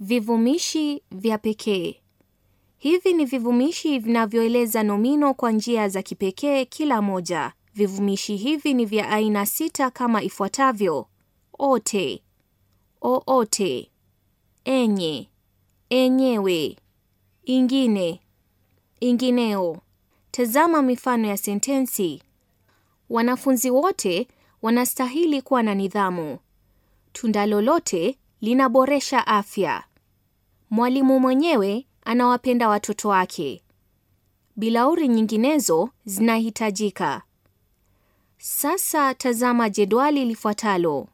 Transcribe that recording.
Vivumishi vya pekee. Hivi ni vivumishi vinavyoeleza nomino kwa njia za kipekee kila moja. Vivumishi hivi ni vya aina sita kama ifuatavyo: ote, oote, enye, enyewe, ingine, ingineo. Tazama mifano ya sentensi. Wanafunzi wote wanastahili kuwa na nidhamu. Tunda lolote linaboresha afya. Mwalimu mwenyewe anawapenda watoto wake. Bilauri nyinginezo zinahitajika. Sasa tazama jedwali lifuatalo.